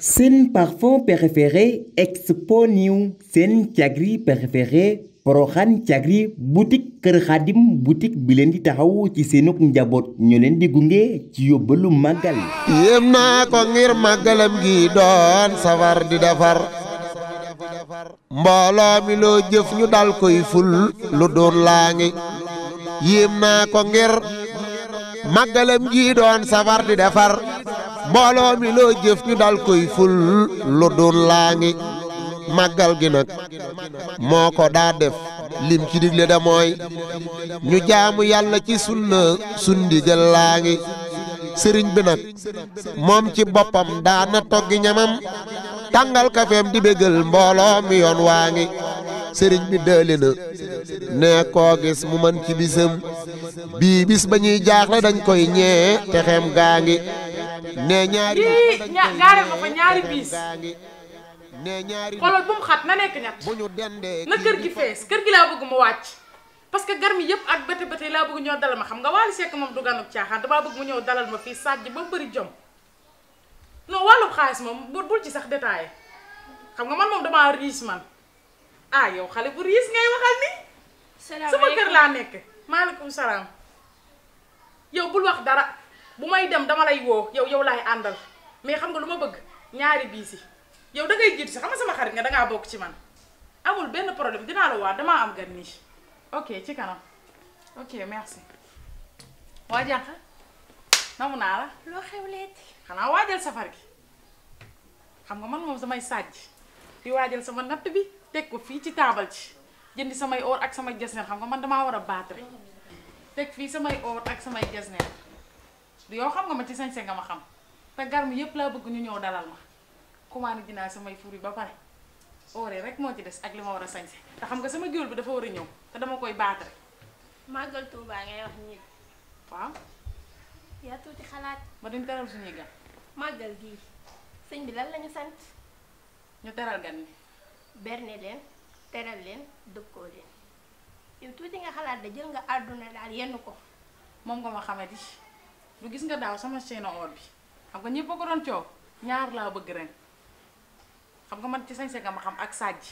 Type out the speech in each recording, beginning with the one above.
seen parfum préféré expo new seen cagri préféré Porokhane cagri butik Kër Xaadim boutique bi leen di taxaw ci seenug njaboot ñu leen di gunge ci yóbbalu màggal. yéem naa ko ngir màggalam gi doon safar di defar mbooloo mi loo jëf ñu dal koy ful lu doon laa ngi yéem naa ko ngir màggalam gi doon safar di defar. mbooloo mi loo jëf ñu dal koy fullu lu dul laa ngi màggal gi nag moo ko daa def lim ci digle da ñu jaamu yàlla ci sunna sun ndigal laa ngi sëriñ bi nag moom ci boppam daana toggi ñamam tàngal kafeem di bégal mbooloo mi yoon waa ngi sëriñ bi dële na ne koo gis mu mën ci bisam bii bis ba ñuy jaaxle dañ koy ñee te gaa ngi ne ñaari gaare ma fa ñaari biis xoolal bu mu xat na nekk ñett na kër gi fees kër gi laa bëgg mu wàcc parce que gar mi yëpp ak bete bete laa bëgg ñëw dalal ma xam nga Wally Seck moom du ganuk caaxaan damaa bëgg mu ñëw dalal ma fii sàjj ba mu bëri jom non wàllum xaalis moom bul ci sax détaillé xam nga man moom damaa riis man ah yow xale bu riis ngay waxal ni sama kër laa nekk maalekum salaam yow bul wax bu may dem dama lay woo yow yow laay àndal mais xam nga lu ma bëgg ñaari bii yi yow da ngay jiitu si xam nga sama xarit nga dangaa bokk ci man amul benn problème dinaa la waa damaa am gan nii ok ci kanam ok merci waa jànq namu naa la loo xewleeti xanaa waajal safar gi xam nga man moom samay sàjj di waajal sama natt bi teg ko fii ci taabal ci jëndi samay or ak samay jasneer xam nga man damaa war a baatre teg fii samay or ak samay jasneer yow xam nga ma ci sañse nga ma xam te garmi yépp laa bëgg ñu ñëw dalal ma commande dinaa samay fur yi ba pare oore rek moo ci des ak li ma war a sañse te xam nga sama géwél bi dafa war a ñëw te dama koy baatare màggal Tuubaa ngay tuuti xalaat ba duñ teral suñuy gan màggal gii sëñ bi lan lañu sant ñu teral gan ni berne leen teral leen dëkkoo leen yow tuuti nga xalaat da jël nga àdduna daal yenn ko moom nga ma xamati du gis nga daaw sama chaîne or bi xam nga ñëpp a ko doon coow ñaar laa bëgg ren xam nga man ci sañse nga ma xam ak sàjj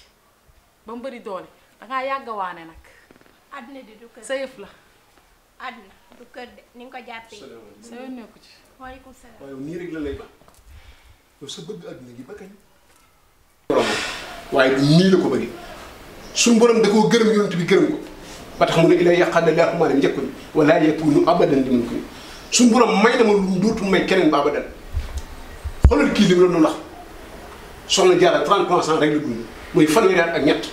ba mu bëri doole dangaa yàgg waane nag. àddina di du kër sa yëf la. àddina du kër de ni ko sa ci. waaleykum salaam waaw nii rek la lay ba yow bëgg àddina gi ba kañ. waaye nii la ko bëggee suñu borom da koo gërëm yonent bi gërëm ko ba tax mu ne ilay yàqal la laaxumaane njëkkuñ wala yakunu abadan di mun ko suñu borom may na ma lu dootul may keneen baaba den xoolal kii li mu doon ndax soxna jaara 33 ans rek la dund mooy fanweeri at ak ñett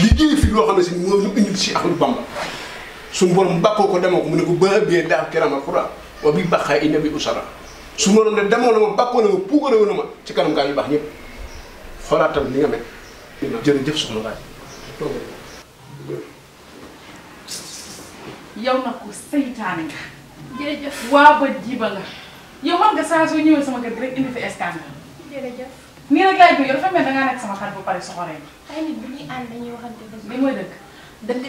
liggéey fi loo xam ne si moo ñu indil si Ahmadou Bamba suñu borom bàkkoo ko demoo ko mu ne ko ba bee daaw kiraama xura wa bi bàqaay inna bi usara suñu borom de demoo na ma bàkkoo na ci kanam gaa yu baax ñëpp xoolaatal li nga mel jërëjëf soxna yow na ko saytaane nga jërëjëf waa ba jiba nga yow man nga saa soo ñëwee sama kër gi rek indi fi scandale. jërëjëf. nii rek laay jógee dafa mel da ngaa nekk sama xarit ba pare soxoree ma. ay nit li mooy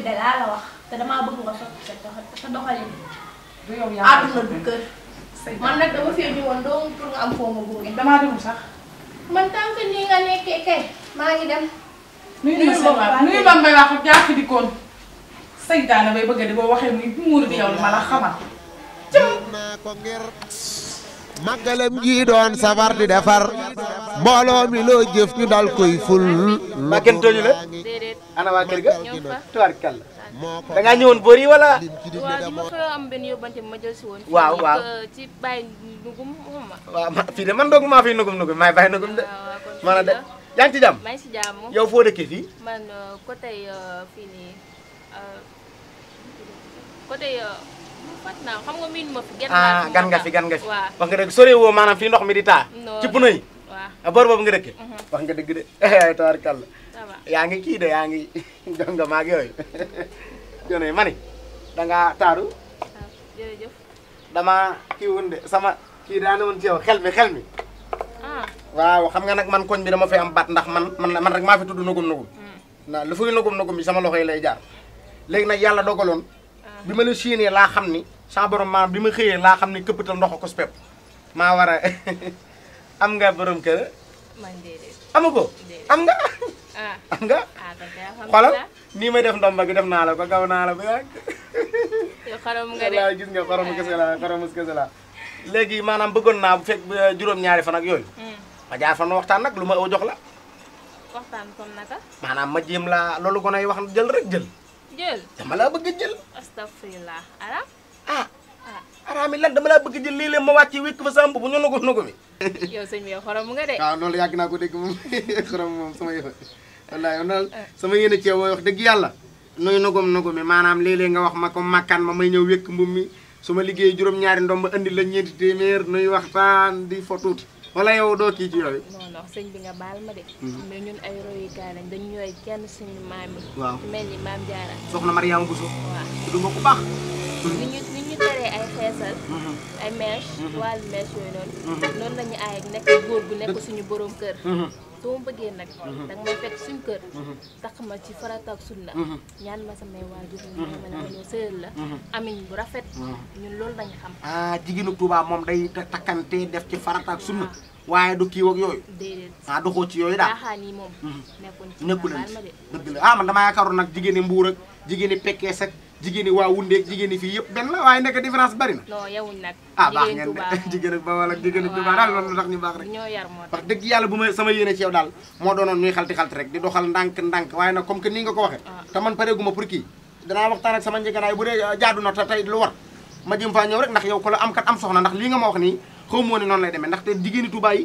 la wax te damaa bëgg nga soppi sa sa doxalin. du yow yaa àdduna du kër. man nag dama fee ñëwoon doomu pour nga am foo ma gunge. damaa demul sax. man tant que nii nga nekkee kay maa ngi dem. nuyu na seen waay nuyu na mbay wax ak jàpp di koon. saytaane bi yow ma la xamal naa ko ngir màggalam gi doon safar di defar mbooloo mi loo jëf ñu dal koy ful ma kenn tooñu la ana waa kër ga tubaarkalla da ngaa ñëwoon boor yi wala. waaw li ma fa am benn yóbbante ma jël si woon. waaw waaw ci ma fii de man doog maa fi nugum nugum maay bàyyi nugum de. maanaam de yaa ngi ci jàmm. maa ngi fii. man euh, côté euh, fii nii euh, côté. waaw xam nga miin ma fi. gën ah gan nga fi nga fi. wax maanaam fii ndox mi di taa. ci pneu yi. waaw ah, boor boobu nga dëkkee. Mhm. wax nga dëgg de eh, yaa ngi kii de yaa ngi jonga maag yooyu. jonee ma ni da ngaa taaru. waaw ah, jërëjëf. kii woon de sama kii daane woon ci xel mi xel mi. Ah. waaw xam nga nag man koñ bi dama fay am baat ndax man man rek maa fi tudd nugum nugum. Mm. na lu fuy nugum nugum bi sama loxo yi lay jaar. léegi nag yàlla dogaloon. bi ma la séenee laa xam ni sa borom maanaam bi ma xëyee laa xam ni këppatal ndox ko spep maa war a am nga borom kër. man déedéet amu ko am nga. Ah. am nga ah, xoolal nii may def ndomba gi def naa la ko gaw naa la ba yàgg. yow xorom gis nga xorom kese la léegi maanaam bëggoon naa bu fekk eh, juróom-ñaari fan ak yooyu. Hmm. ma jaar fan waxtaan nag lu ma jox la. maanaam ma jéem la loolu gone yi wax jël rek jël. jël dama laa bëgg a jël. astafurlah araam. Ah. Ah. bëgg a jël léeg-léeg ma wàcc wékk fa sa mbubb ñu nogo yow sëñ xorom nga de. Ah, yàgg naa ko dégg moom sama yëfa wallaay noonu sama wax dëgg yàlla. nooy nogom nogomi maanaam léeg nga wax ma ko makkaan ma may ñëw wékk mbubb mi su ma liggéey juróom-ñaari ndomba indi la ñeenti téeméer nuy waxtaan di fotuuti wala yow doo kii ci yooyu. non sëñ bi nga baal ma mais hmm. ñun ay royukaay lañ dañ ñooy kenn suñu maam yi. mel ni maam Jaara. soxna Mariama Bousso. waaw du ma ko baax. Hmm. ni ñu ni ñu teree ay xeesal. Hmm. ay mèche. wàllu mèche yooyu noonu. noonu la ñu aay nekk góor bu nekk suñu borom kër. doo bëggee nag mhm. da nga may fekk suñ kër mhm. tax ma ci farata ak sunna mhm. ñaan ma samay waajur ñu ma bu rafet ñun loolu lañ xam ah jigéenu Touba moom day takkante def ci farata ak sunna ah. waaye du kii ak yooyu ah doxoo ci yooyu daal moom nekkuleen ci dëgg la ah man damaa yaakaaroon nag jigéeni mbuur ak jigéeni pekkees ak jigéen ñi waa Wundeeg jigéen ñi fii yëpp benn la waaye nekk différence bari na. non yewuñ nag. ah baax ngeen de jigéen ak daal ah, loolu baax daal moo doonoon di doxal ndànk ndànk waaye nag comme que nii nga ko waxee. Ah. te man pareeguma pour kii danaa waxtaan ak sama njëganaay bu dee jaadu na te tey lu war ma jëm faa ñëw rek ndax yow ko la am kat am soxna ndax lii nga ma wax nii ko waxutoon du ma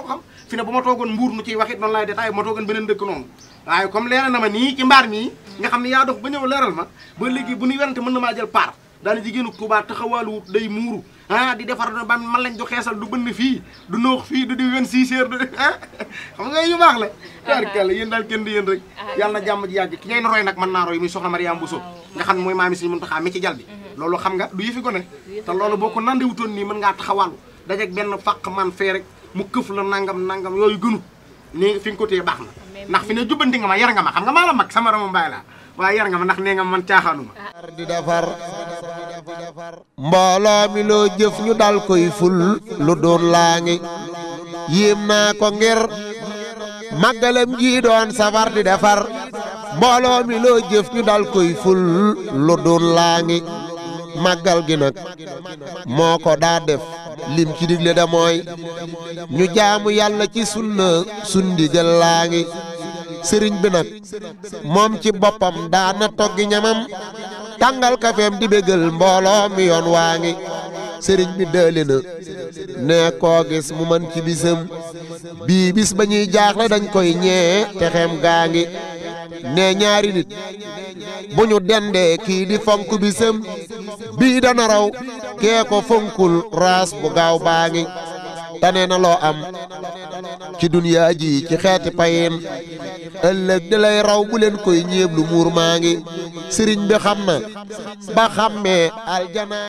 ko xam fi ne bu ma toogoon mbuur nu ciy wax it noonu laay détaillé na ma ma ba léegi bu ñuy werante mën na maa jël paar daana jigéenu Touba taxawaalu day muuru ah di defar ah la taarkàlla ah. yéen daal kenn di yéen rek ah, yàlla na jàmm ji yàgg ki ngeen roy nag mën naa roy muy soxna Mariama Bousso nga xam ne mooy maami Serigne Mountakha mi ci jal bi loolu xam nga du yëfi gone te loolu boo ko nandiwutoon nii mën ngaa taxawaalu dajeeg benn fàq man fee rek mu këf la nangam nangam yooyu gënut nii fi ko téye baax na ndax fi ne jubbanti nga ma yar nga ma xam nga maa la mag sama ramu mbaay la waaye yar nga ma ndax nee nga man caaxaanuma di defar mbooloo mi loo jëf ñu dal koy ful lu doon laa ngi yéem naa ko ngir màggalam ji doon safar di defar mbooloo mi loo jëf ñu dal koy ful lu doon ngi màggal gi nag moo ko daa def lim ci digle da mooy ñu jaamu yàlla ci sunna sun ndigal laa ngi sëriñ bi nag moom ci boppam daana toggi ñamam tàngal kafeem di bégal mbooloo mi yoon waa ngi sëriñ bi dëli na nee koo gis mu mën ci bisam bii bis ba ñuy jaaxle dañ koy ñee te gaa ngi nee ñaari nit bu ñu dendee kii di fonk bisam bii dana raw kee ko fonkul raas bu gaaw baa ngi tane na loo am ci duniyaa ji ci xeeti payin ëllëg di lay raw bu leen koy ñéeblu muur maa ngi sëriñ bi xam na ba xàmmee aljanaa